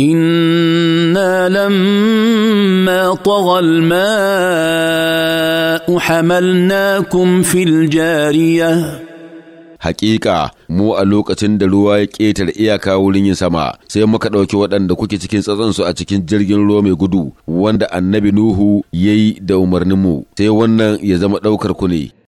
انا لما طغى الماء حملناكم في الجاريه hakika mu a lokacin da ruwa ya ƙetare iyaka wurin yin sama sai muka ɗauki waɗanda kuke cikin tsatsansu a cikin jirgin ruwa mai gudu wanda annabi nuhu ya yi da umarninmu sai wannan ya zama ɗaukar ku ne